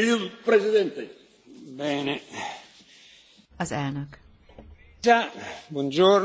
Il Presidente. Bene. Az elnök. Buongiorno.